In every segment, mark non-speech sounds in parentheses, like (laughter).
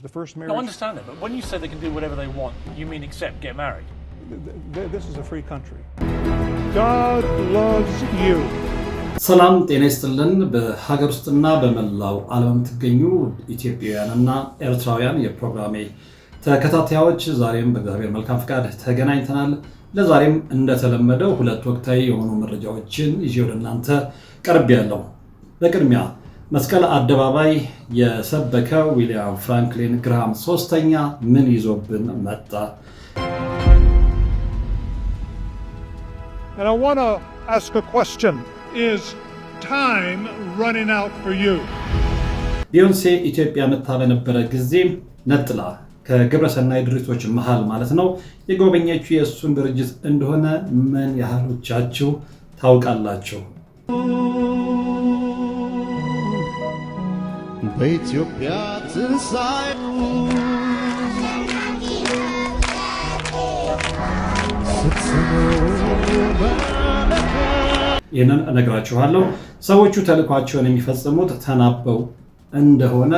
marriage. The first marriage. No, I understand that, but when you say they can do whatever they want, you mean except get married? this is a free country. God loves you. ሰላም ጤና ይስጥልን። በሀገር ውስጥና በመላው ዓለም የምትገኙ ኢትዮጵያውያንና ኤርትራውያን የፕሮግራሜ ተከታታዮች ዛሬም በእግዚአብሔር መልካም ፍቃድ ተገናኝተናል። ለዛሬም እንደተለመደው ሁለት ወቅታዊ የሆኑ መረጃዎችን ይዤ ወደ እናንተ ቀርብ ያለው በቅድሚያ መስቀል አደባባይ የሰበከው ዊሊያም ፍራንክሊን ግርሃም ሶስተኛ ምን ይዞብን መጣ? ቢዮንሴ ኢትዮጵያ መታ በነበረ ጊዜ ነጥላ ከግብረሰናይ ድርጅቶች መሃል ማለት ነው የጎበኘችው የእሱን ድርጅት እንደሆነ ምን ያህሎቻችሁ ታውቃላችሁ? በኢትዮጵያ ትንሣኤ ይህንን እነግራችኋለሁ። ሰዎቹ ተልኳቸውን የሚፈጽሙት ተናበው እንደሆነ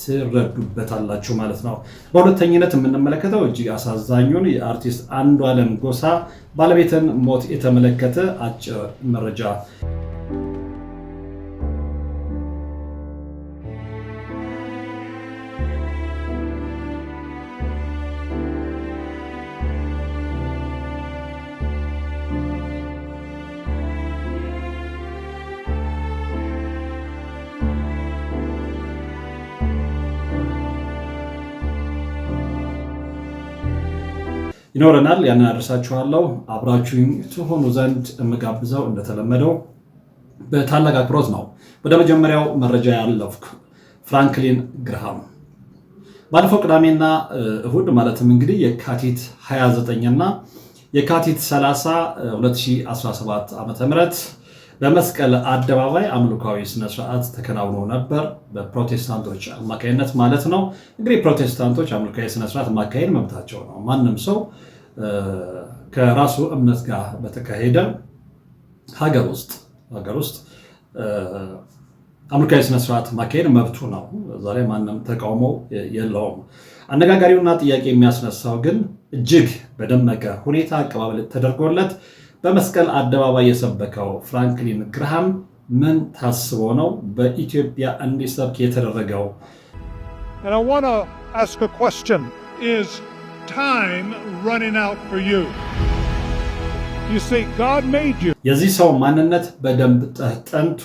ትረዱበታላችሁ ማለት ነው። በሁለተኝነት የምንመለከተው እጅግ አሳዛኙን የአርቲስት አንዷለም ጎሳ ባለቤትን ሞት የተመለከተ አጭር መረጃ ይኖረናል። ያንን አደርሳችኋለሁ። አብራችሁኝ ትሆኑ ዘንድ የምጋብዘው እንደተለመደው በታላቅ አክብሮት ነው። ወደ መጀመሪያው መረጃ ያለፍኩ ፍራንክሊን ግርሃም ባለፈው ቅዳሜና እሁድ ማለትም እንግዲህ የካቲት 29 እና የካቲት 30 2017 ዓ.ም በመስቀል አደባባይ አምልኳዊ ስነስርዓት ተከናውኖ ነበር። በፕሮቴስታንቶች አማካኝነት ማለት ነው። እንግዲህ ፕሮቴስታንቶች አምልካዊ ስነስርዓት ማካሄድ መብታቸው ነው። ማንም ሰው ከራሱ እምነት ጋር በተካሄደ ሀገር ውስጥ ሀገር ውስጥ አምልካዊ ስነስርዓት ማካሄድ መብቱ ነው። ዛሬ ማንም ተቃውሞ የለውም። አነጋጋሪውና ጥያቄ የሚያስነሳው ግን እጅግ በደመቀ ሁኔታ አቀባበል ተደርጎለት በመስቀል አደባባይ የሰበከው ፍራንክሊን ግርሃም ምን ታስቦ ነው በኢትዮጵያ እንዲሰብክ የተደረገው? የዚህ ሰው ማንነት በደንብ ጠንቶ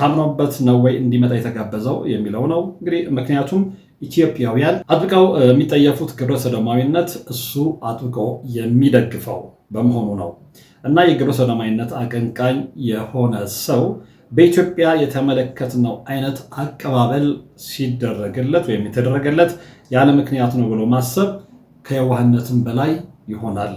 ታምኖበት ነው ወይ እንዲመጣ የተጋበዘው የሚለው ነው እንግዲህ ምክንያቱም ኢትዮጵያውያን አጥብቀው የሚጠየፉት ግብረ ሰዶማዊነት እሱ አጥብቆ የሚደግፈው በመሆኑ ነው እና የግብረ ሰዶማዊነት አቀንቃኝ የሆነ ሰው በኢትዮጵያ የተመለከትነው አይነት አቀባበል ሲደረግለት ወይም የተደረገለት ያለ ምክንያት ነው ብሎ ማሰብ ከየዋህነትም በላይ ይሆናል።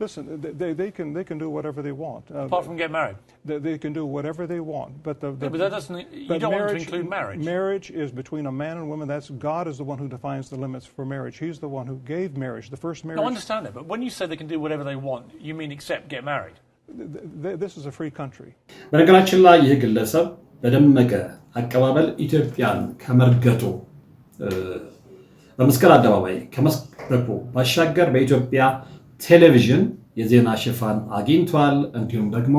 Listen, they, they, can, they can do whatever they want. Uh, Apart from get married? They, they can do whatever they want. But, the, the yeah, but that doesn't, you don't marriage, want to include marriage. Marriage is between a man and woman. That's God is the one who defines the limits for marriage. He's the one who gave marriage, the first marriage. No, I understand that, but when you say they can do whatever they want, you mean except get married? This is a free country. በነገራችን ላይ ይህ ግለሰብ በደመቀ አቀባበል ኢትዮጵያን ከመርገጡ በመስቀል አደባባይ ባሻገር በኢትዮጵያ ቴሌቪዥን የዜና ሽፋን አግኝቷል። እንዲሁም ደግሞ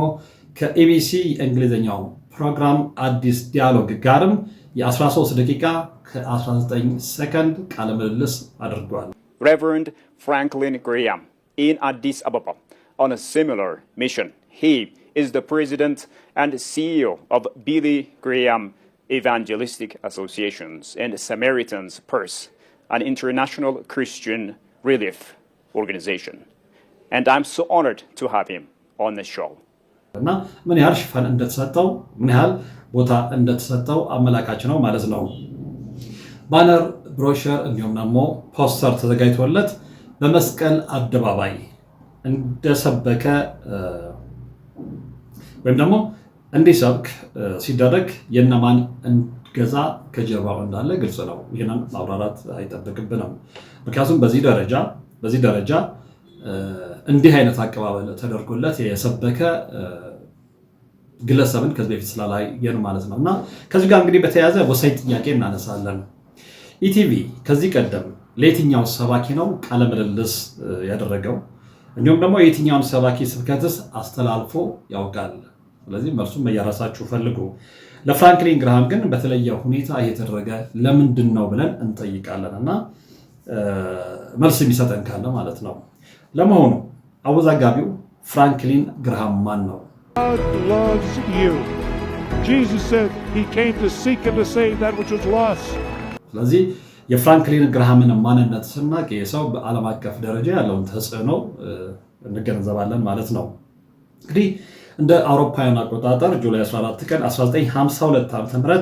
ከኢቢሲ የእንግሊዝኛው ፕሮግራም አዲስ ዲያሎግ ጋርም የ13 ደቂቃ ከ19 ሰከንድ ቃለ ምልልስ አድርጓል። ሬቨረንድ ፍራንክሊን ግሪያም ኢን አዲስ አበባ ኦን ሲሚላር ሚሽን ሂ ኢዝ ዘ ፕሬዚደንት ኤንድ ሲኢኦ ኦፍ ቢሊ ግሪያም ኤቫንጀሊስቲክ አሶሲዬሽንስ ኤንድ ሰማሪታንስ ፐርስ አን ኢንተርናሽናል ክርስቲያን ሪሊፍ ኦርጋናይዜሽን and I'm so honored to have him on the show. እና ምን ያህል ሽፋን እንደተሰጠው ምን ያህል ቦታ እንደተሰጠው አመላካች ነው ማለት ነው። ባነር፣ ብሮሸር እንዲሁም ደግሞ ፖስተር ተዘጋጅቶለት በመስቀል አደባባይ እንደሰበከ ወይም ደግሞ እንዲሰብክ ሲደረግ የነማን እንገዛ ከጀርባው እንዳለ ግልጽ ነው። ይህንን ማብራራት አይጠበቅብንም። ምክንያቱም በዚህ ደረጃ በዚህ ደረጃ እንዲህ አይነት አቀባበል ተደርጎለት የሰበከ ግለሰብን ከዚህ በፊት ስላላየን ማለት ነው። እና ከዚህ ጋር እንግዲህ በተያያዘ ወሳኝ ጥያቄ እናነሳለን። ኢቲቪ ከዚህ ቀደም ለየትኛው ሰባኪ ነው ቃለ ምልልስ ያደረገው? እንዲሁም ደግሞ የትኛውን ሰባኪ ስብከትስ አስተላልፎ ያውቃል? ስለዚህ መልሱም በየራሳችሁ ፈልጉ። ለፍራንክሊን ግርሃም ግን በተለየ ሁኔታ እየተደረገ ለምንድን ነው ብለን እንጠይቃለን እና መልስ የሚሰጠን ካለ ማለት ነው። ለመሆኑ አወዛጋቢው ፍራንክሊን ግርሃም ማን ነው? ስለዚህ የፍራንክሊን ግርሃምን ማንነት ስናቅ የሰው በዓለም አቀፍ ደረጃ ያለውን ተጽዕኖ እንገነዘባለን ማለት ነው። እንግዲህ እንደ አውሮፓውያን አቆጣጠር ጁላይ 14 ቀን 1952 ዓ ም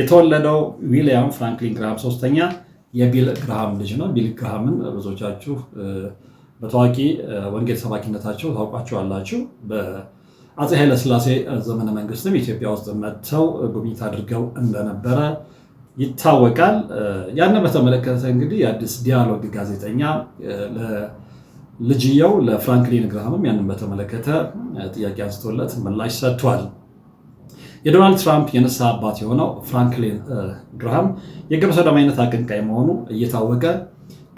የተወለደው ዊሊያም ፍራንክሊን ግርሃም ሶስተኛ የቢል ግርሃም ልጅ ነው። ቢል ግርሃምን ብዙዎቻችሁ በታዋቂ ወንጌል ሰባኪነታቸው ታውቋቸዋላችሁ። በአፄ ኃይለስላሴ ዘመነ መንግስትም ኢትዮጵያ ውስጥ መጥተው ጉብኝት አድርገው እንደነበረ ይታወቃል። ያንን በተመለከተ እንግዲህ የአዲስ ዲያሎግ ጋዜጠኛ ልጅየው ለፍራንክሊን ግራሃምም ያንን በተመለከተ ጥያቄ አንስቶለት ምላሽ ሰጥቷል። የዶናልድ ትራምፕ የንስሐ አባት የሆነው ፍራንክሊን ግራሃም የግብረ ሰዶማዊነት አቀንቃይ መሆኑ እየታወቀ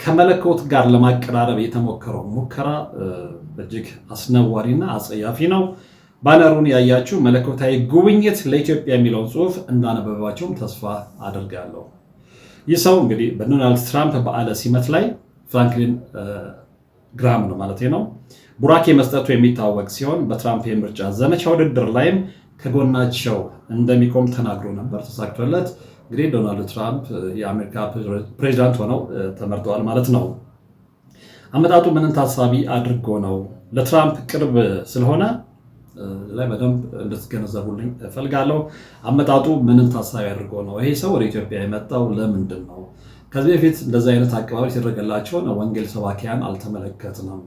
ከመለኮት ጋር ለማቀራረብ የተሞከረው ሙከራ እጅግ አስነዋሪና አጸያፊ ነው። ባነሩን ያያችሁ መለኮታዊ ጉብኝት ለኢትዮጵያ የሚለውን ጽሑፍ እንዳነበባችሁም ተስፋ አድርጋለሁ። ይህ ሰው እንግዲህ በዶናልድ ትራምፕ በዓለ ሲመት ላይ ፍራንክሊን ግራም ነው ማለት ነው ቡራኬ መስጠቱ የሚታወቅ ሲሆን በትራምፕ የምርጫ ዘመቻ ውድድር ላይም ከጎናቸው እንደሚቆም ተናግሮ ነበር። ተሳክቶለት እንግዲህ ዶናልድ ትራምፕ የአሜሪካ ፕሬዚዳንት ሆነው ተመርጠዋል ማለት ነው። አመጣጡ ምንን ታሳቢ አድርጎ ነው? ለትራምፕ ቅርብ ስለሆነ ላይ በደንብ እንድትገነዘቡልኝ እፈልጋለሁ። አመጣጡ ምንን ታሳቢ አድርጎ ነው? ይሄ ሰው ወደ ኢትዮጵያ የመጣው ለምንድን ነው? ከዚህ በፊት እንደዚህ አይነት አቀባበል ሲደረገላቸውን ወንጌል ሰባኪያን አልተመለከትንም።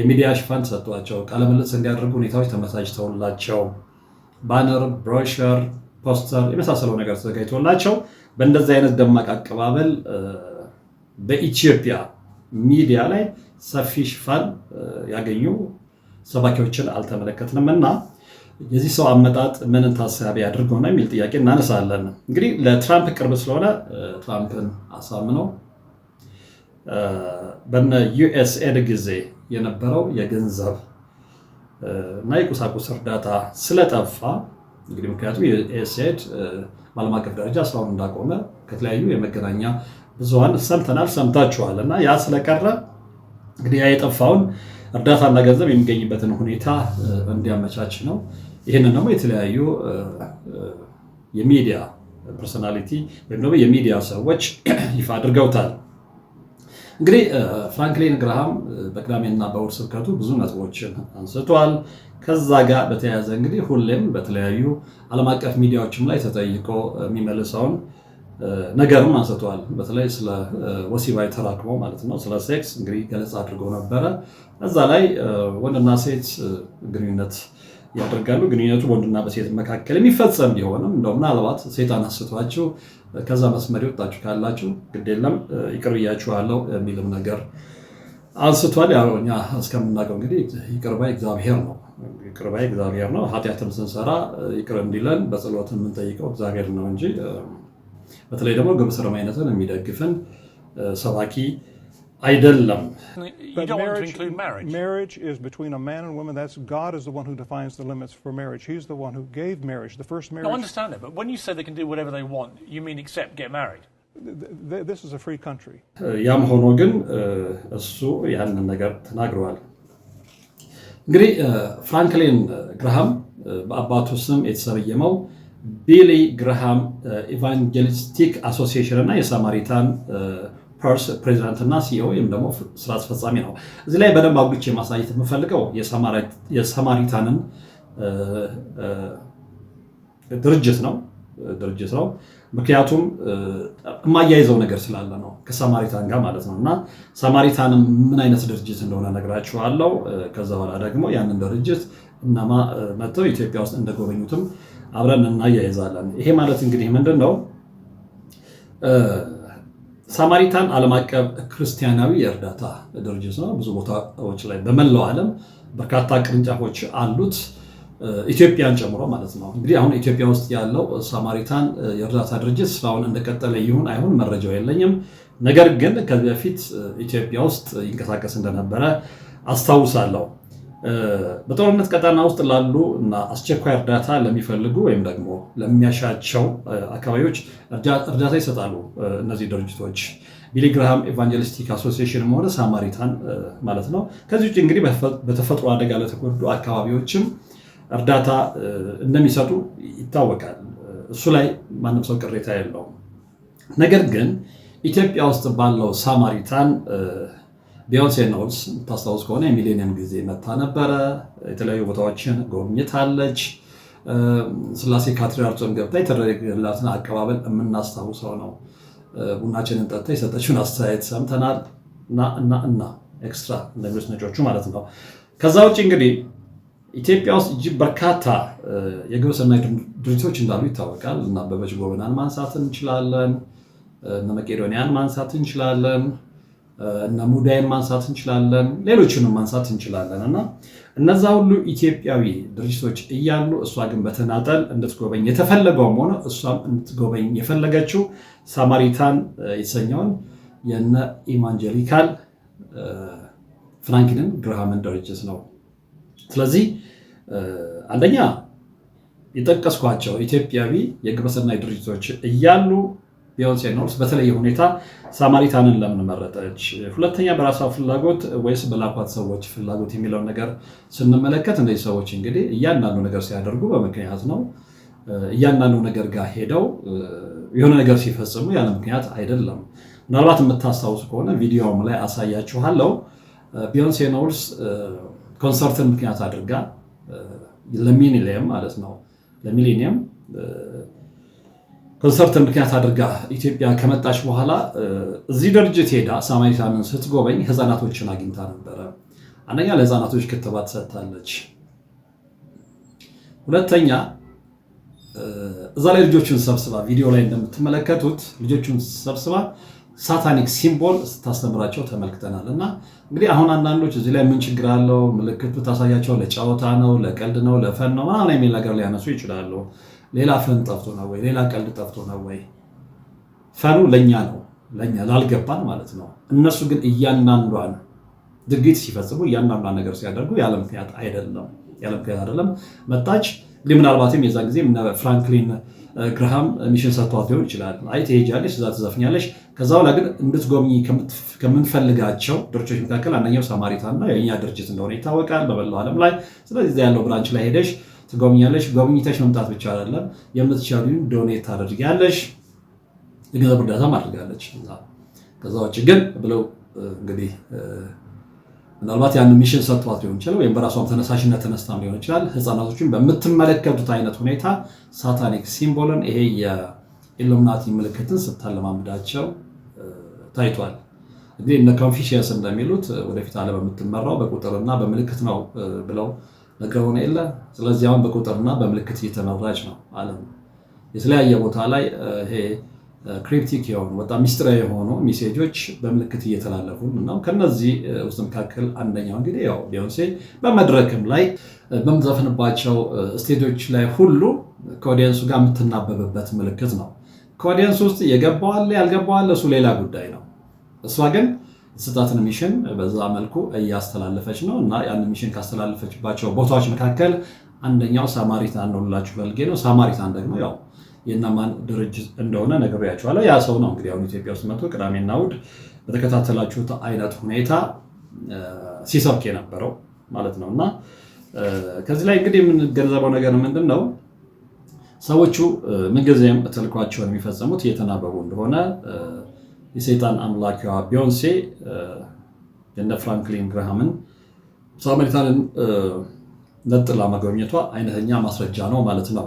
የሚዲያ ሽፋን ተሰጥቷቸው ቃለ እንዲያደርጉ ሁኔታዎች ተመቻችተውላቸው ባነር፣ ብሮሸር ፖስተር የመሳሰለው ነገር ተዘጋጅቶላቸው በእንደዚህ አይነት ደማቅ አቀባበል በኢትዮጵያ ሚዲያ ላይ ሰፊ ሽፋን ያገኙ ሰባኪዎችን አልተመለከትንም እና የዚህ ሰው አመጣጥ ምንን ታሳቢ አድርጎ ነው የሚል ጥያቄ እናነሳለን። እንግዲህ ለትራምፕ ቅርብ ስለሆነ ትራምፕን አሳምነው በነ ዩኤስኤድ ጊዜ የነበረው የገንዘብ እና የቁሳቁስ እርዳታ ስለጠፋ እንግዲህ ምክንያቱም የኤስኤድ በዓለም አቀፍ ደረጃ ስራውን እንዳቆመ ከተለያዩ የመገናኛ ብዙሀን ሰምተናል፣ ሰምታችኋል። እና ያ ስለቀረ እንግዲህ ያ የጠፋውን እርዳታና ገንዘብ የሚገኝበትን ሁኔታ እንዲያመቻች ነው። ይህንን ደግሞ የተለያዩ የሚዲያ ፐርሶናሊቲ ወይም ደግሞ የሚዲያ ሰዎች (clears throat) ይፋ አድርገውታል። እንግዲህ ፍራንክሊን ግራሃም በቅዳሜና በእሑድ ስብከቱ ብዙ ነጥቦችን አንስቷል። ከዛ ጋር በተያያዘ እንግዲህ ሁሌም በተለያዩ ዓለም አቀፍ ሚዲያዎችም ላይ ተጠይቆ የሚመልሰውን ነገርም አንስተዋል። በተለይ ስለ ወሲባዊ ተራክሞ ማለት ነው፣ ስለ ሴክስ እንግዲህ ገለጻ አድርጎ ነበረ። እዛ ላይ ወንድና ሴት ግንኙነት ያደርጋሉ። ግንኙነቱ በወንድና በሴት መካከል የሚፈጸም ቢሆንም እንደው ምናልባት ሴት አነስቷችሁ ከዛ መስመር ይወጣችሁ ካላችሁ ግድ የለም ይቅር ብያችኋለሁ የሚልም ነገር አንስቷል። ያው እኛ እስከምናውቀው እንግዲህ ይቅር ባይ እግዚአብሔር ነው። ይቅር ባይ እግዚአብሔር ነው። ኃጢአትም ስንሰራ ይቅር እንዲለን በጸሎት የምንጠይቀው እግዚአብሔር ነው እንጂ በተለይ ደግሞ ግብረ ሰዶማዊነትን የሚደግፍን ሰባኪ አይደለም። ያም ሆኖ ግን እሱ ያንን ነገር ተናግረዋል። እንግዲህ ፍራንክሊን ግርሃም በአባቱ ስም የተሰየመው ቢሊ ግርሃም ኢቫንጀሊስቲክ አሶሲሽን እና የሳማሪታን ፐርስ ፕሬዚዳንትና ሲኦ ወይም ደግሞ ስራ አስፈጻሚ ነው። እዚህ ላይ በደንብ አጉልቼ ማሳየት የምፈልገው የሰማሪታንን ድርጅት ነው ድርጅት ነው። ምክንያቱም የማያይዘው ነገር ስላለ ነው ከሰማሪታን ጋር ማለት ነው። እና ሰማሪታን ምን አይነት ድርጅት እንደሆነ ነግራችኋለሁ። ከዛ በኋላ ደግሞ ያንን ድርጅት እነማ መጥተው ኢትዮጵያ ውስጥ እንደጎበኙትም አብረን እናያይዛለን። ይሄ ማለት እንግዲህ ምንድን ነው? ሳማሪታን ዓለም አቀፍ ክርስቲያናዊ የእርዳታ ድርጅት ነው። ብዙ ቦታዎች ላይ በመላው ዓለም በርካታ ቅርንጫፎች አሉት ኢትዮጵያን ጨምሮ ማለት ነው። እንግዲህ አሁን ኢትዮጵያ ውስጥ ያለው ሳማሪታን የእርዳታ ድርጅት ስራውን እንደቀጠለ ይሁን አይሁን መረጃው የለኝም። ነገር ግን ከዚህ በፊት ኢትዮጵያ ውስጥ ይንቀሳቀስ እንደነበረ አስታውሳለሁ። በጦርነት ቀጠና ውስጥ ላሉ እና አስቸኳይ እርዳታ ለሚፈልጉ ወይም ደግሞ ለሚያሻቸው አካባቢዎች እርዳታ ይሰጣሉ። እነዚህ ድርጅቶች ቢሊ ግራሃም ኤቫንጀሊስቲክ አሶሲሽን ሆነ ሳማሪታን ማለት ነው። ከዚህ ውጭ እንግዲህ በተፈጥሮ አደጋ ለተጎዱ አካባቢዎችም እርዳታ እንደሚሰጡ ይታወቃል። እሱ ላይ ማንም ሰው ቅሬታ የለውም። ነገር ግን ኢትዮጵያ ውስጥ ባለው ሳማሪታን ቢዮንሴ ኖልስ ታስታውስ ከሆነ የሚሌኒየም ጊዜ መታ ነበረ። የተለያዩ ቦታዎችን ጎብኝታለች። ስላሴ ካቴድራል ጾም ገብታ የተደረገላትን አቀባበል የምናስታውሰው ነው። ቡናችንን ጠጥታ የሰጠችውን አስተያየት ሰምተናል። እና እና እና ኤክስትራ እንደሚሉት ነጮቹ ማለት ነው። ከዛ ውጭ እንግዲህ ኢትዮጵያ ውስጥ እጅግ በርካታ የግብረ ድርጅቶች እንዳሉ ይታወቃል። እና አበበች ጎበናን ማንሳት እንችላለን። እነ መቄዶንያን ማንሳት እንችላለን። እነ ሙዳይን ማንሳት እንችላለን፣ ሌሎችንም ማንሳት እንችላለን እና እነዛ ሁሉ ኢትዮጵያዊ ድርጅቶች እያሉ እሷ ግን በተናጠል እንድትጎበኝ የተፈለገውም ሆነ እሷም እንድትጎበኝ የፈለገችው ሳማሪታን የተሰኘውን የነ ኢቫንጀሊካል ፍራንክሊን ግራሃምን ድርጅት ነው። ስለዚህ አንደኛ የጠቀስኳቸው ኢትዮጵያዊ የግብረሰናይ ድርጅቶች እያሉ የኦሴኖስ በተለየ ሁኔታ ሳማሪታንን ለምን መረጠች? ሁለተኛ በራሷ ፍላጎት ወይስ በላኳት ሰዎች ፍላጎት የሚለውን ነገር ስንመለከት እነዚህ ሰዎች እንግዲህ እያንዳንዱ ነገር ሲያደርጉ በምክንያት ነው። እያንዳንዱ ነገር ጋር ሄደው የሆነ ነገር ሲፈጽሙ ያለ ምክንያት አይደለም። ምናልባት የምታስታውሱ ከሆነ ቪዲዮም ላይ አሳያችኋለሁ። ቢዮንሴ ኖውልስ ኮንሰርትን ምክንያት አድርጋ ለሚኒሊየም ማለት ነው ለሚሊኒየም ኮንሰርትን ምክንያት አድርጋ ኢትዮጵያ ከመጣች በኋላ እዚህ ድርጅት ሄዳ ሳማኒታንን ስትጎበኝ ህፃናቶችን አግኝታ ነበረ። አንደኛ ለህፃናቶች ክትባት ሰጥታለች። ሁለተኛ እዛ ላይ ልጆቹን ሰብስባ ቪዲዮ ላይ እንደምትመለከቱት ልጆቹን ሰብስባ ሳታኒክ ሲምቦል ስታስተምራቸው ተመልክተናል። እና እንግዲህ አሁን አንዳንዶች እዚህ ላይ ምን ችግር አለው ምልክቱ ታሳያቸው ለጨዋታ ነው፣ ለቀልድ ነው፣ ለፈን ነው ምናምን የሚል ነገር ሊያነሱ ይችላሉ። ሌላ ፈን ጠፍቶ ነው ወይ ሌላ ቀልድ ጠፍቶ ነው ወይ? ፈኑ ለእኛ ነው ለእኛ ላልገባን ማለት ነው። እነሱ ግን እያንዳንዷን ድርጊት ሲፈጽሙ እያንዳንዷን ነገር ሲያደርጉ ያለ ምክንያት አይደለም፣ ያለ ምክንያት አይደለም። መጣች እንግዲህ ምናልባትም የዛን ጊዜ ፍራንክሊን ግርሃም ሚሽን ሰጥቷት ሊሆን ይችላል። አይ ትሄጃለሽ፣ እዛ ትዘፍኛለሽ። ከዛ በኋላ ግን እንድትጎብኚ ከምንፈልጋቸው ድርጅቶች መካከል አንደኛው ሳማሪታን ነው። የእኛ ድርጅት እንደሆነ ይታወቃል በመላው ዓለም ላይ። ስለዚህ እዛ ያለው ብራንች ላይ ሄደሽ ትጎብኛለሽ። ጎብኝተሽ መምጣት ብቻ አይደለም፣ የምትቻሉን ዶኔት ታደርጊያለሽ፣ የገንዘብ እርዳታ ማድርጋለች። ከዛ ውጭ ግን ብለው እንግዲህ ምናልባት ያን ሚሽን ሰጥቷት ሊሆን ይችላል፣ ወይም በራሷም ተነሳሽነት ተነስታ ሊሆን ይችላል። ህፃናቶችን በምትመለከቱት አይነት ሁኔታ ሳታኒክ ሲምቦልን ይሄ የኢሉሚናቲ ምልክትን ስታለማምዳቸው ታይቷል። እንግዲህ እነ ኮንፊሽየስ እንደሚሉት ወደፊት ዓለም የምትመራው በቁጥርና በምልክት ነው ብለው ነገር የለ ስለዚህ አሁን በቁጥርና በምልክት እየተመራጭ ነው ዓለም የተለያየ ቦታ ላይ ይሄ ክሪፕቲክ የሆኑ በጣም ሚስጥራዊ የሆኑ ሜሴጆች በምልክት እየተላለፉ እና ከነዚህ ውስጥ መካከል አንደኛው እንግዲህ ያው ቢዮንሴ በመድረክም ላይ በምትዘፍንባቸው ስቴጆች ላይ ሁሉ ከኦዲየንሱ ጋር የምትናበብበት ምልክት ነው። ከኦዲየንስ ውስጥ የገባዋለ ያልገባዋለ እሱ ሌላ ጉዳይ ነው። እሷ ግን ስጣትን ሚሽን በዛ መልኩ እያስተላለፈች ነው እና ያን ሚሽን ካስተላለፈችባቸው ቦታዎች መካከል አንደኛው ሳማሪታን ነው ልላችሁ ፈልጌ ነው። ሳማሪታን ደግሞ ያው የእናማን ድርጅት እንደሆነ ነግሬያችኋለሁ። ያ ሰው ነው እንግዲህ አሁን ኢትዮጵያ ውስጥ መጥቶ ቅዳሜና እሑድ በተከታተላችሁት አይነት ሁኔታ ሲሰብክ የነበረው ማለት ነው እና ከዚህ ላይ እንግዲህ የምንገነዘበው ነገር ምንድን ነው? ሰዎቹ ምንጊዜም ተልኳቸውን የሚፈጽሙት እየተናበቡ እንደሆነ የሰይጣን አምላኪዋ ቢዮንሴ የነ ፍራንክሊን ግርሃምን ሳማሪታንን ነጥላ መጎብኘቷ አይነተኛ ማስረጃ ነው ማለት ነው።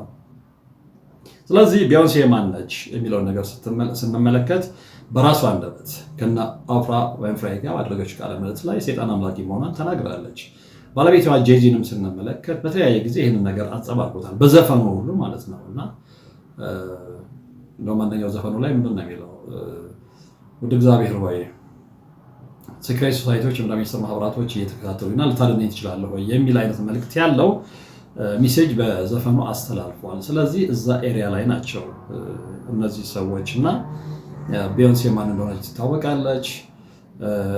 ስለዚህ ቢዮንሴ ነች የሚለውን ነገር ስንመለከት በራሷ አንደበት ከነ አፍራ ዊንፍሬይ ጋር ባደረገችው ቃለ ምልልስ ላይ የሰይጣን አምላኪ መሆኗን ተናግራለች። ባለቤቷ ጄጂንም ስንመለከት በተለያየ ጊዜ ይህንን ነገር አንጸባርቆታል፣ በዘፈኑ ሁሉ ማለት ነው እና እንደውም አንደኛው ዘፈኑ ላይ ምንድን ነው የሚለው ወደ እግዚአብሔር ወይ ሴክሬት ሶሳይቲዎች እና ሚኒስትር ማህበራቶች እየተከታተሉና ልታድነኝ ትችላለህ ወይ የሚል አይነት መልእክት ያለው ሚሴጅ በዘፈኑ አስተላልፏል። ስለዚህ እዛ ኤሪያ ላይ ናቸው እነዚህ ሰዎች እና ቢዮንሴ ማን እንደሆነች ትታወቃለች።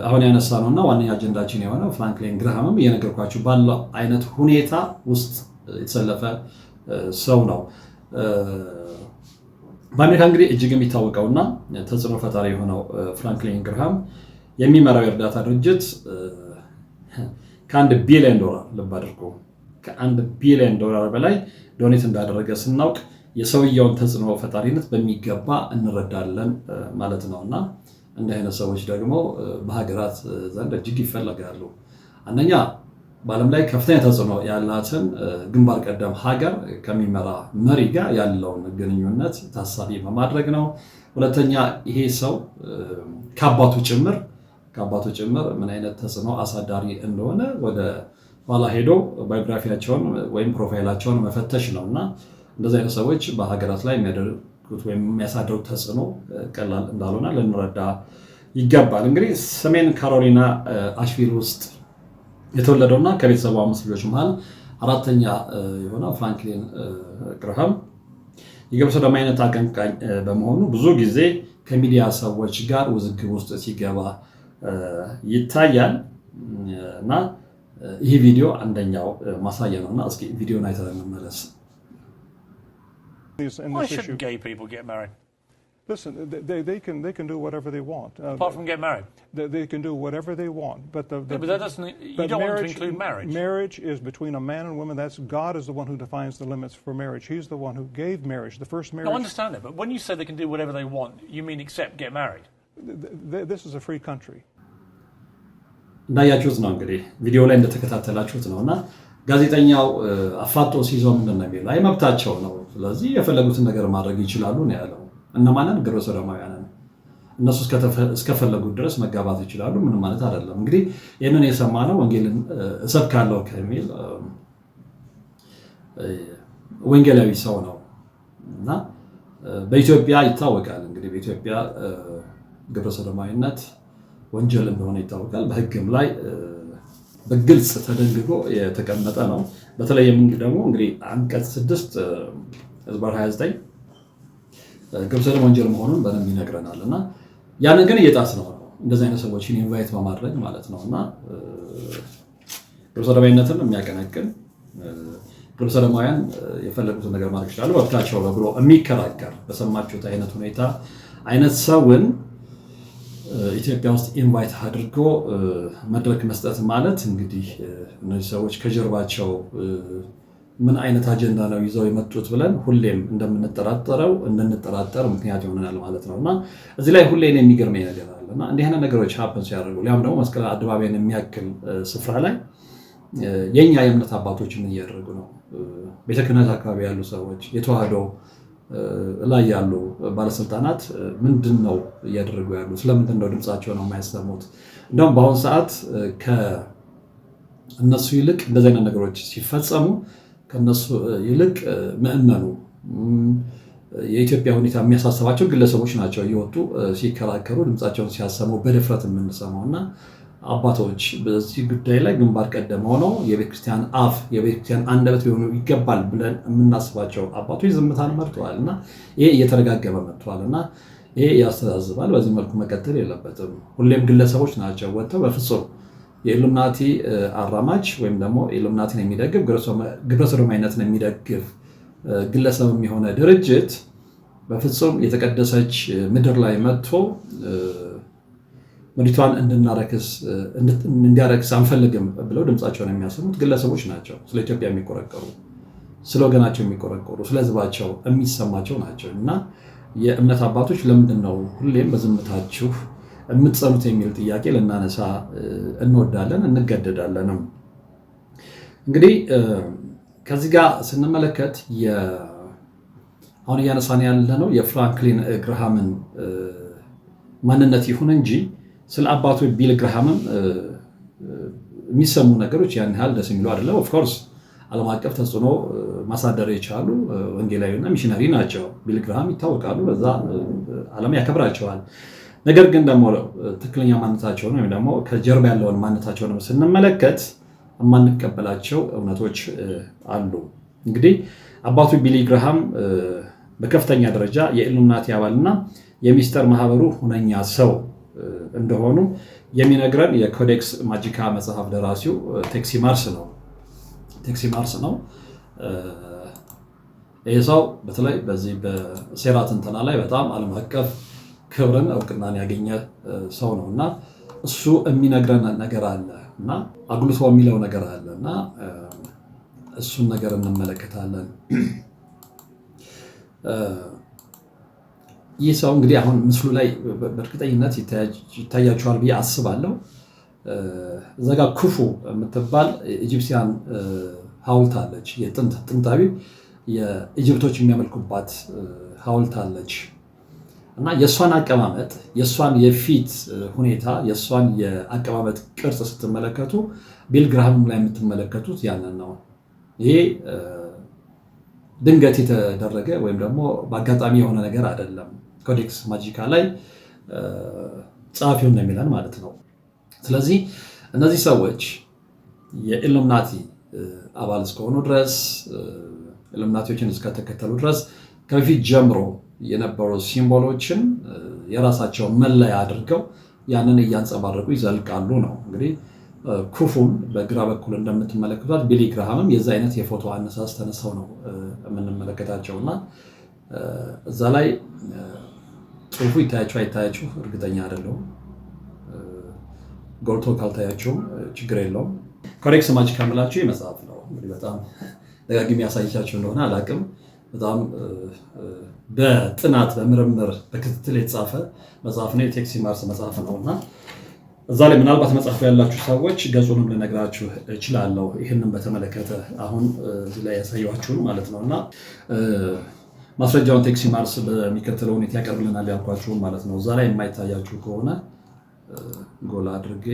አሁን ያነሳ ነው እና ዋነኛ አጀንዳችን የሆነው ፍራንክሊን ግርሃምም እየነገርኳቸው ባለው አይነት ሁኔታ ውስጥ የተሰለፈ ሰው ነው። በአሜሪካ እንግዲህ እጅግ የሚታወቀውና ተጽዕኖ ፈጣሪ የሆነው ፍራንክሊን ግርሃም የሚመራው የእርዳታ ድርጅት ከአንድ ቢሊዮን ዶላር ልብ አድርጎ ከአንድ ቢሊዮን ዶላር በላይ ዶኔት እንዳደረገ ስናውቅ የሰውየውን ተጽዕኖ ፈጣሪነት በሚገባ እንረዳለን ማለት ነው። እና እንዲህ አይነት ሰዎች ደግሞ በሀገራት ዘንድ እጅግ ይፈለጋሉ አንደኛ በዓለም ላይ ከፍተኛ ተጽዕኖ ያላትን ግንባር ቀደም ሀገር ከሚመራ መሪ ጋር ያለውን ግንኙነት ታሳቢ በማድረግ ነው። ሁለተኛ ይሄ ሰው ከአባቱ ጭምር ከአባቱ ጭምር ምን አይነት ተጽዕኖ አሳዳሪ እንደሆነ ወደ ኋላ ሄዶ ባዮግራፊያቸውን ወይም ፕሮፋይላቸውን መፈተሽ ነው እና እንደዚህ አይነት ሰዎች በሀገራት ላይ የሚያደርጉት ወይም የሚያሳድሩት ተጽዕኖ ቀላል እንዳልሆነ ልንረዳ ይገባል። እንግዲህ ሰሜን ካሮሊና አሽቪል ውስጥ የተወለደውና ከቤተሰቡ አምስት ልጆች መሃል አራተኛ የሆነው ፍራንክሊን ግርሃም የግብረ ሰዶም አይነት አቀንቃኝ በመሆኑ ብዙ ጊዜ ከሚዲያ ሰዎች ጋር ውዝግብ ውስጥ ሲገባ ይታያል እና ይህ ቪዲዮ አንደኛው ማሳያ ነው እና እስኪ ቪዲዮን አይተን እንመለስ። Listen, they, they, can, they can do whatever they want. Uh, Apart from get married. They, they, can do whatever they want. But, the, the yeah, but that doesn't, you don't marriage, want to include marriage. Marriage is between a man and woman. That's God is the one who defines the limits for marriage. He's the one who gave marriage, the first marriage. No, I understand that. But when you say they can do whatever they want, you mean except get married. Th this is a free country. እንዳያችሁት ነው እንግዲህ ቪዲዮ ላይ እንደተከታተላችሁት ነው እና ጋዜጠኛው አፋጦ ሲይዘው ምንድን ነው የሚለው አይ መብታቸው ነው ስለዚህ የፈለጉትን ነገር ማድረግ ይችላሉ ነው ያለው እነማንን ግብረ ሰዶማውያንን እነሱ እስከፈለጉት ድረስ መጋባት ይችላሉ። ምንም ማለት አይደለም። እንግዲህ ይህንን የሰማነው ወንጌልን እሰብካለሁ ከሚል ወንጌላዊ ሰው ነው እና በኢትዮጵያ ይታወቃል። እንግዲህ በኢትዮጵያ ግብረ ሰዶማዊነት ወንጀል እንደሆነ ይታወቃል። በሕግም ላይ በግልጽ ተደንግጎ የተቀመጠ ነው። በተለይም ደግሞ እንግዲህ አንቀጽ 6 ህዝባር 29 ግብፅን ወንጀል መሆኑን በደንብ ይነግረናል። እና ያንን ግን እየጣስ ነው እንደዚህ አይነት ሰዎችን ኢንቫይት በማድረግ ማለት ነው። እና ግብረ የሚያቀነቅን ግብረ የፈለጉትን ነገር ማድረግ ይችላሉ መብታቸው ነው ብሎ የሚከራከር በሰማችሁት አይነት ሁኔታ አይነት ሰውን ኢትዮጵያ ውስጥ ኢንቫይት አድርጎ መድረክ መስጠት ማለት እንግዲህ እነዚህ ሰዎች ከጀርባቸው ምን አይነት አጀንዳ ነው ይዘው የመጡት ብለን ሁሌም እንደምንጠራጠረው እንድንጠራጠር ምክንያት ይሆናል ማለት ነው። እና እዚህ ላይ ሁሌ የሚገርመኝ ነገር አለ እና እንዲህ ነገሮች ሀፕን ሲያደርጉ ሊያም ደግሞ መስቀል አደባባይን የሚያክል ስፍራ ላይ የኛ የእምነት አባቶች ምን እያደረጉ ነው? ቤተ ክህነት አካባቢ ያሉ ሰዎች፣ የተዋህዶ ላይ ያሉ ባለስልጣናት ምንድን ነው እያደረጉ ያሉ? ስለምንድን ነው ድምፃቸው ነው የማያሰሙት? እንደውም በአሁኑ ሰዓት ከእነሱ ይልቅ እንደዚህ ነገሮች ሲፈጸሙ ከነሱ ይልቅ ምዕመኑ የኢትዮጵያ ሁኔታ የሚያሳስባቸው ግለሰቦች ናቸው እየወጡ ሲከራከሩ ድምፃቸውን ሲያሰሙ በድፍረት የምንሰማው እና አባቶች በዚህ ጉዳይ ላይ ግንባር ቀደም ሆነው የቤተክርስቲያን አፍ የቤተክርስቲያን አንደበት ሊሆኑ ይገባል ብለን የምናስባቸው አባቶች ዝምታን መርተዋል እና ይሄ እየተረጋገበ መጥተዋል እና ይሄ ያስተዛዝባል። በዚህ መልኩ መቀጠል የለበትም። ሁሌም ግለሰቦች ናቸው ወጥተው በፍጹም የኢሉምናቲ አራማጅ ወይም ደግሞ ኢሉምናቲን የሚደግፍ ግብረሰዶማዊነትን የሚደግፍ ግለሰብም የሆነ ድርጅት በፍጹም የተቀደሰች ምድር ላይ መጥቶ ምድሪቷን እንዲያረክስ አንፈልግም ብለው ድምፃቸውን የሚያሰሙት ግለሰቦች ናቸው። ስለ ኢትዮጵያ የሚቆረቀሩ፣ ስለ ወገናቸው የሚቆረቀሩ፣ ስለ ሕዝባቸው የሚሰማቸው ናቸው እና የእምነት አባቶች ለምንድን ነው ሁሌም በዝምታችሁ የምትጸኑት የሚል ጥያቄ ልናነሳ እንወዳለን እንገደዳለንም። እንግዲህ ከዚህ ጋር ስንመለከት አሁን እያነሳን ያለ ነው የፍራንክሊን ግርሃምን ማንነት ይሁን እንጂ ስለ አባቱ ቢል ግርሃምም የሚሰሙ ነገሮች ያን ያህል ደስ የሚሉ አይደለም። ኦፍኮርስ ዓለም አቀፍ ተጽዕኖ ማሳደር የቻሉ ወንጌላዊና ሚሽነሪ ናቸው። ቢል ግርሃም ይታወቃሉ፣ በዛ ዓለም ያከብራቸዋል። ነገር ግን ደግሞ ትክክለኛ ማነታቸውን ወይም ደግሞ ከጀርባ ያለውን ማነታቸውን ስንመለከት የማንቀበላቸው እውነቶች አሉ። እንግዲህ አባቱ ቢሊ ግርሃም በከፍተኛ ደረጃ የኢሉሚናቲ አባልና የሚስተር ማህበሩ ሁነኛ ሰው እንደሆኑ የሚነግረን የኮዴክስ ማጂካ መጽሐፍ ደራሲው ቴክሲማርስ ነው። ቴክሲማርስ ነው። ይህ ሰው በተለይ በዚህ በሴራ ትንተና ላይ በጣም ዓለም አቀፍ ክብርን እውቅናን ያገኘ ሰው ነው እና እሱ የሚነግረን ነገር አለ እና አጉልቶ የሚለው ነገር አለ እና እሱን ነገር እንመለከታለን። ይህ ሰው እንግዲህ አሁን ምስሉ ላይ በእርግጠኝነት ይታያችኋል ብዬ አስባለሁ። እዛ ጋር ኩፉ የምትባል ኢጂፕሲያን ሐውልት አለች። የጥንት ጥንታዊ የኢጅፕቶች የሚያመልኩባት ሐውልት አለች። እና የእሷን አቀማመጥ የእሷን የፊት ሁኔታ የእሷን የአቀማመጥ ቅርጽ ስትመለከቱ ቢል ግራሃም ላይ የምትመለከቱት ያንን ነው። ይሄ ድንገት የተደረገ ወይም ደግሞ በአጋጣሚ የሆነ ነገር አይደለም። ኮዴክስ ማጂካ ላይ ጸሐፊውን ነው የሚለን ማለት ነው። ስለዚህ እነዚህ ሰዎች የኢሉምናቲ አባል እስከሆኑ ድረስ ኢሉምናቲዎችን እስከተከተሉ ድረስ ከፊት ጀምሮ የነበሩ ሲምቦሎችን የራሳቸውን መለያ አድርገው ያንን እያንጸባረቁ ይዘልቃሉ ነው። እንግዲህ ኩፉን በግራ በኩል እንደምትመለከቷት ቢሊ ግራሃምም የዚ አይነት የፎቶ አነሳስ ተነሳው ነው የምንመለከታቸው እና እዛ ላይ ጽሁፉ ይታያችሁ አይታያችሁ እርግጠኛ አይደለሁም። ጎልቶ ካልታያችሁም ችግር የለውም። ኮሬክስ ማች ከምላችሁ የመጽሐፍ ነው በጣም ደጋግሜ ያሳይቻችሁ እንደሆነ አላቅም። በጣም በጥናት በምርምር በክትትል የተጻፈ መጽሐፍ ነው። የቴክሲ ማርስ መጽሐፍ ነው እና እዛ ላይ ምናልባት መጽሐፉ ያላችሁ ሰዎች ገጹንም ልነግራችሁ እችላለሁ። ይህንም በተመለከተ አሁን እዚህ ላይ ያሳየኋችሁን ማለት ነው እና ማስረጃውን ቴክሲ ማርስ በሚከተለው ሁኔታ ያቀርብልናል ያልኳችሁን ማለት ነው። እዛ ላይ የማይታያችሁ ከሆነ ጎላ አድርጌ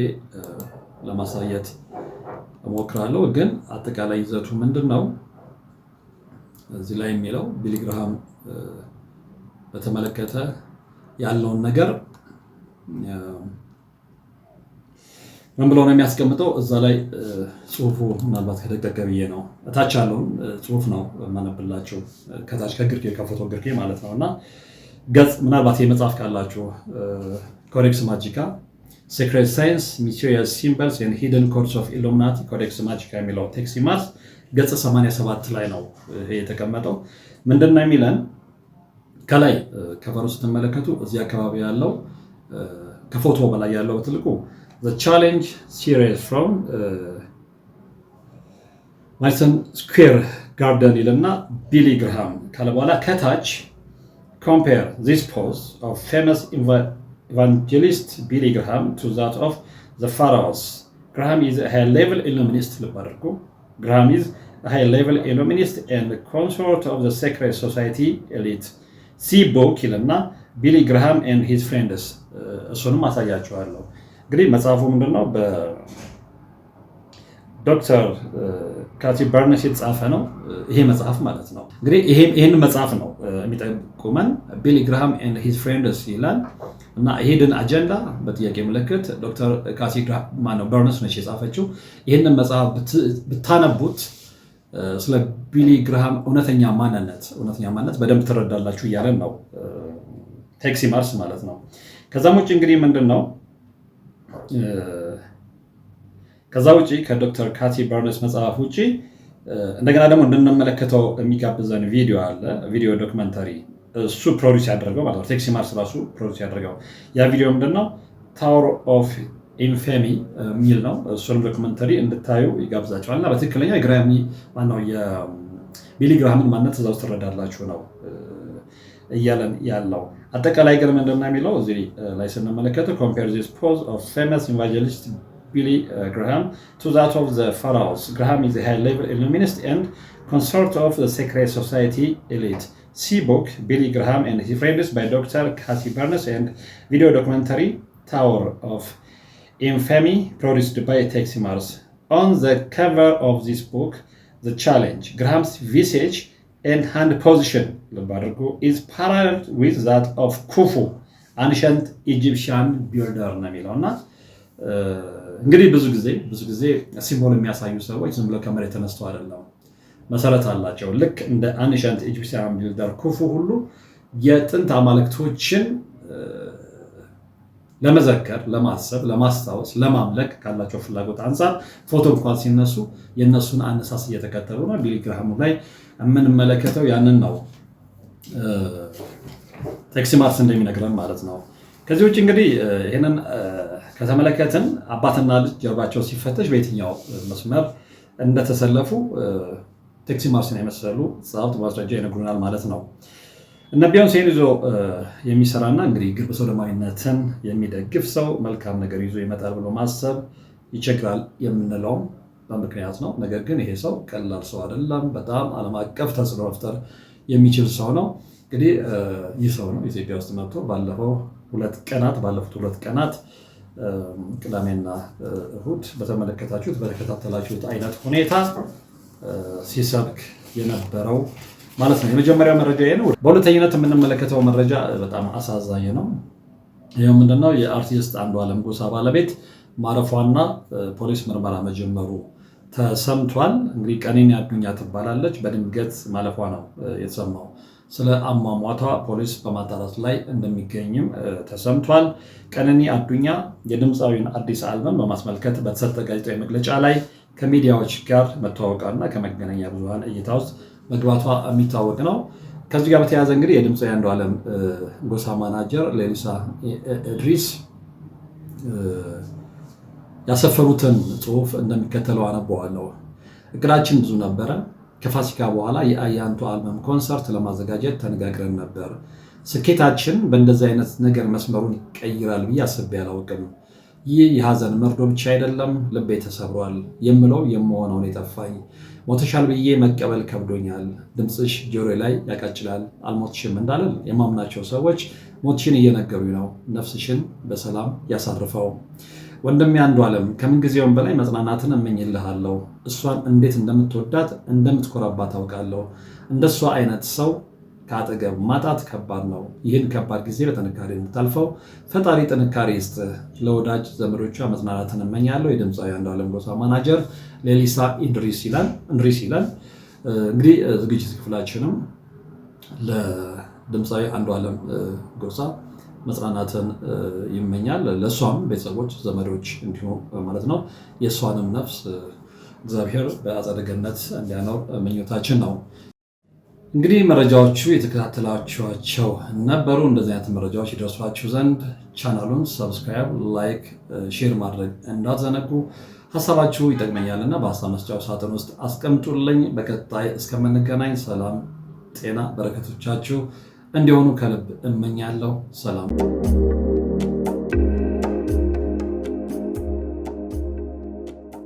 ለማሳየት እሞክራለሁ። ግን አጠቃላይ ይዘቱ ምንድን ነው? እዚህ ላይ የሚለው ቢሊ ግርሃም በተመለከተ ያለውን ነገር ምን ብለው ነው የሚያስቀምጠው? እዛ ላይ ጽሁፉ ምናልባት ከደቀቀ ብዬ ነው። እታች ያለውን ጽሁፍ ነው ማነብላችሁ፣ ከታች ከግርጌ ከፎቶ ግርጌ ማለት ነው። እና ገጽ ምናልባት የመጽሐፍ ካላችሁ ኮዴክስ ማጂካ ሴክሬት ሳይንስ ሚስቴሪየስ ሲምበልስ ሂደን ኮድስ ኦፍ ኢሉሚናቲ ኮዴክስ ማጂካ የሚለው ቴክሲማስ ገጽ 87 ላይ ነው የተቀመጠው። ምንድን ነው የሚለን? ከላይ ከበሩ ስትመለከቱ እዚህ አካባቢ ያለው ከፎቶ በላይ ያለው ትልቁ ቻሌንጅ ሲሪስ ፍሮም ማዲሰን ስኩዌር ጋርደን ይልና ቢሊ ግርሃም ካለ በኋላ ከታች ኮምፔር ዚስ ፖስ ኦፍ ፌመስ ኢቫንጀሊስት ቢሊ ግርሃም ቱ ዛት ኦፍ ዘ ፋራዎስ ግርሃም ኢዝ ሃይ ሌቭል ኢሉሚኒስት ልብ አድርጉ Grammys, a high-level illuminist and consort of the Secret Society elite ሲቦክ ይልና ቢሊ ግራሃም ኤንድ ሂዝ ፍሬንድስ እሱንም አሳያችኋለሁ። እንግዲህ መጽሐፉ ምንድን ነው? ዶክተር ካቲ በርነስ የተጻፈ ነው ይሄ መጽሐፍ ማለት ነው። እንግዲህ ይህን መጽሐፍ ነው የሚጠቁመን። ቢሊ ግራሃም ኤንድ ሂዝ ፍሬንድስ ይላል እና ይሄድን አጀንዳ በጥያቄ ምልክት ዶክተር ካቲ ማነው በርነስ ነች የጻፈችው። ይህንን መጽሐፍ ብታነቡት ስለ ቢሊ ግራሃም እውነተኛ ማንነት እውነተኛ ማንነት በደንብ ትረዳላችሁ እያለን ነው ቴክሲ ማርስ ማለት ነው። ከዛም ውጭ እንግዲህ ምንድን ነው ከዛ ውጭ ከዶክተር ካቲ በርነስ መጽሐፍ ውጭ እንደገና ደግሞ እንድንመለከተው የሚጋብዘን ቪዲዮ አለ። ቪዲዮ ዶክመንተሪ እሱ ፕሮዲስ ያደረገው ማለት ነው። ቴክሲ ማርስ ራሱ ፕሮዲስ ያደረገው ያ ቪዲዮ ምንድነው? ታወር ኦፍ ኢንፌሚ የሚል ነው። እሱንም ዶክመንተሪ እንድታዩ ይጋብዛቸዋል። እና በትክክለኛ የግራሚ ማነው ግራምን ማነት እዛ ውስጥ ትረዳላችሁ ነው እያለን ያለው አጠቃላይ ግን ምንድን የሚለው እዚህ ላይ ስንመለከተው ኮምፔር ዚስ ፖዝ ኦፍ ፌመስ ኢቫንጀሊስት Billy uh, Graham to that of the pharaohs. Graham is a high-level illuminist and consort of the secret society elite. See book Billy Graham and His Friends by Dr. Cathy Barnes and video documentary Tower of Infamy produced by Teximars. On the cover of this book, the challenge, Graham's visage and hand position is parallel with that of Khufu, ancient Egyptian builder ነው እንግዲህ ብዙ ጊዜ ብዙ ጊዜ ሲምቦል የሚያሳዩ ሰዎች ዝም ብሎ ከመሬት ተነስተው አይደለም፣ መሰረት አላቸው። ልክ እንደ አንሸንት ኢጂፕሲያን ቢልደር ኩፉ ሁሉ የጥንት አማልክቶችን ለመዘከር፣ ለማሰብ፣ ለማስታወስ፣ ለማምለክ ካላቸው ፍላጎት አንጻር ፎቶ እንኳን ሲነሱ የእነሱን አነሳስ እየተከተሉ ነው። ቢሊ ግራሃሙ ላይ የምንመለከተው ያንን ነው። ቴክሲማርስ እንደሚነግረን ማለት ነው። ከዚህ ውጭ እንግዲህ ይህንን ከተመለከትን አባትና ልጅ ጀርባቸው ሲፈተሽ በየትኛው መስመር እንደተሰለፉ ቴክሲ ማርሲን የመሰሉ ጸሐፍት ማስረጃ ይነግሩናል ማለት ነው። እነ ቢዮንሴን ይዞ የሚሰራና እንግዲህ ግብረ ሰዶማዊነትን የሚደግፍ ሰው መልካም ነገር ይዞ ይመጣል ብሎ ማሰብ ይቸግራል የምንለውም በምክንያት ነው። ነገር ግን ይሄ ሰው ቀላል ሰው አይደለም። በጣም ዓለም አቀፍ ተጽዕኖ መፍጠር የሚችል ሰው ነው። እንግዲህ ይህ ሰው ነው ኢትዮጵያ ውስጥ መጥቶ ባለፈው ሁለት ቀናት ባለፉት ሁለት ቀናት ቅዳሜና እሁድ በተመለከታችሁት በተከታተላችሁት አይነት ሁኔታ ሲሰብክ የነበረው ማለት ነው። የመጀመሪያው መረጃ ነው። በሁለተኝነት የምንመለከተው መረጃ በጣም አሳዛኝ ነው። ይህ ምንድነው? የአርቲስት አለም ጎሳ ባለቤት ማረፏና ፖሊስ ምርመራ መጀመሩ ተሰምቷል። እንግዲህ ቀኔን ያዱኛ ትባላለች። በድንገት ማለፏ ነው የተሰማው። ስለ አሟሟቷ ፖሊስ በማጣራት ላይ እንደሚገኝም ተሰምቷል። ቀነኒ አዱኛ የድምፃዊን አዲስ አልበም በማስመልከት በተሰጠ ጋዜጣዊ መግለጫ ላይ ከሚዲያዎች ጋር መተዋወቃና ከመገናኛ ብዙሃን እይታ ውስጥ መግባቷ የሚታወቅ ነው። ከዚህ ጋር በተያያዘ እንግዲህ የድምፃዊ አንዱዓለም ጎሳ ማናጀር ሌሊሳ እድሪስ ያሰፈሩትን ጽሁፍ እንደሚከተለው አነበዋለሁ። እቅዳችን ብዙ ነበረ ከፋሲካ በኋላ የአያንቱ አልበም ኮንሰርት ለማዘጋጀት ተነጋግረን ነበር። ስኬታችን በእንደዚህ አይነት ነገር መስመሩን ይቀይራል ብዬ አስቤ አላውቅም። ይህ የሀዘን መርዶ ብቻ አይደለም፣ ልቤ ተሰብሯል። የምለው የመሆነውን የጠፋኝ ሞተሻል ብዬ መቀበል ከብዶኛል። ድምፅሽ ጆሮ ላይ ያቃጭላል። አልሞትሽም እንዳለን የማምናቸው ሰዎች ሞትሽን እየነገሩኝ ነው። ነፍስሽን በሰላም ያሳርፈው። ወንድም አንዱ አለም ከምንጊዜውም በላይ መጽናናትን እመኝልሃለሁ። እሷን እንዴት እንደምትወዳት እንደምትኮረባ ታውቃለሁ። እንደ አይነት ሰው ከአጠገብ ማጣት ከባድ ነው። ይህን ከባድ ጊዜ በጥንካሬ እንድታልፈው ፈጣሪ ጥንካሬ ይስጥህ። ለወዳጅ ዘመዶቿ መጽናናትን እመኛለሁ። የድምፃዊ አንዱ አለም ጎሳ ማናጀር ሌሊሳ ኢድሪስ ይላል እንድሪስ ይላል። እንግዲህ ዝግጅት ክፍላችንም ለድምፃዊ አንዱ አለም ጎሳ መጽናናትን ይመኛል። ለእሷም ቤተሰቦች፣ ዘመዶች እንዲሁ ማለት ነው። የእሷንም ነፍስ እግዚአብሔር በአጸደ ገነት እንዲያኖር ምኞታችን ነው። እንግዲህ መረጃዎቹ የተከታተላችኋቸው ነበሩ። እንደዚህ አይነት መረጃዎች ይደርሷችሁ ዘንድ ቻናሉን ሰብስክራይብ፣ ላይክ፣ ሼር ማድረግ እንዳትዘነጉ። ሀሳባችሁ ይጠቅመኛል እና በሀሳብ መስጫው ሳጥን ውስጥ አስቀምጡልኝ። በቀጣይ እስከምንገናኝ ሰላም፣ ጤና፣ በረከቶቻችሁ እንዲሆኑ ከልብ እመኛለሁ። ሰላም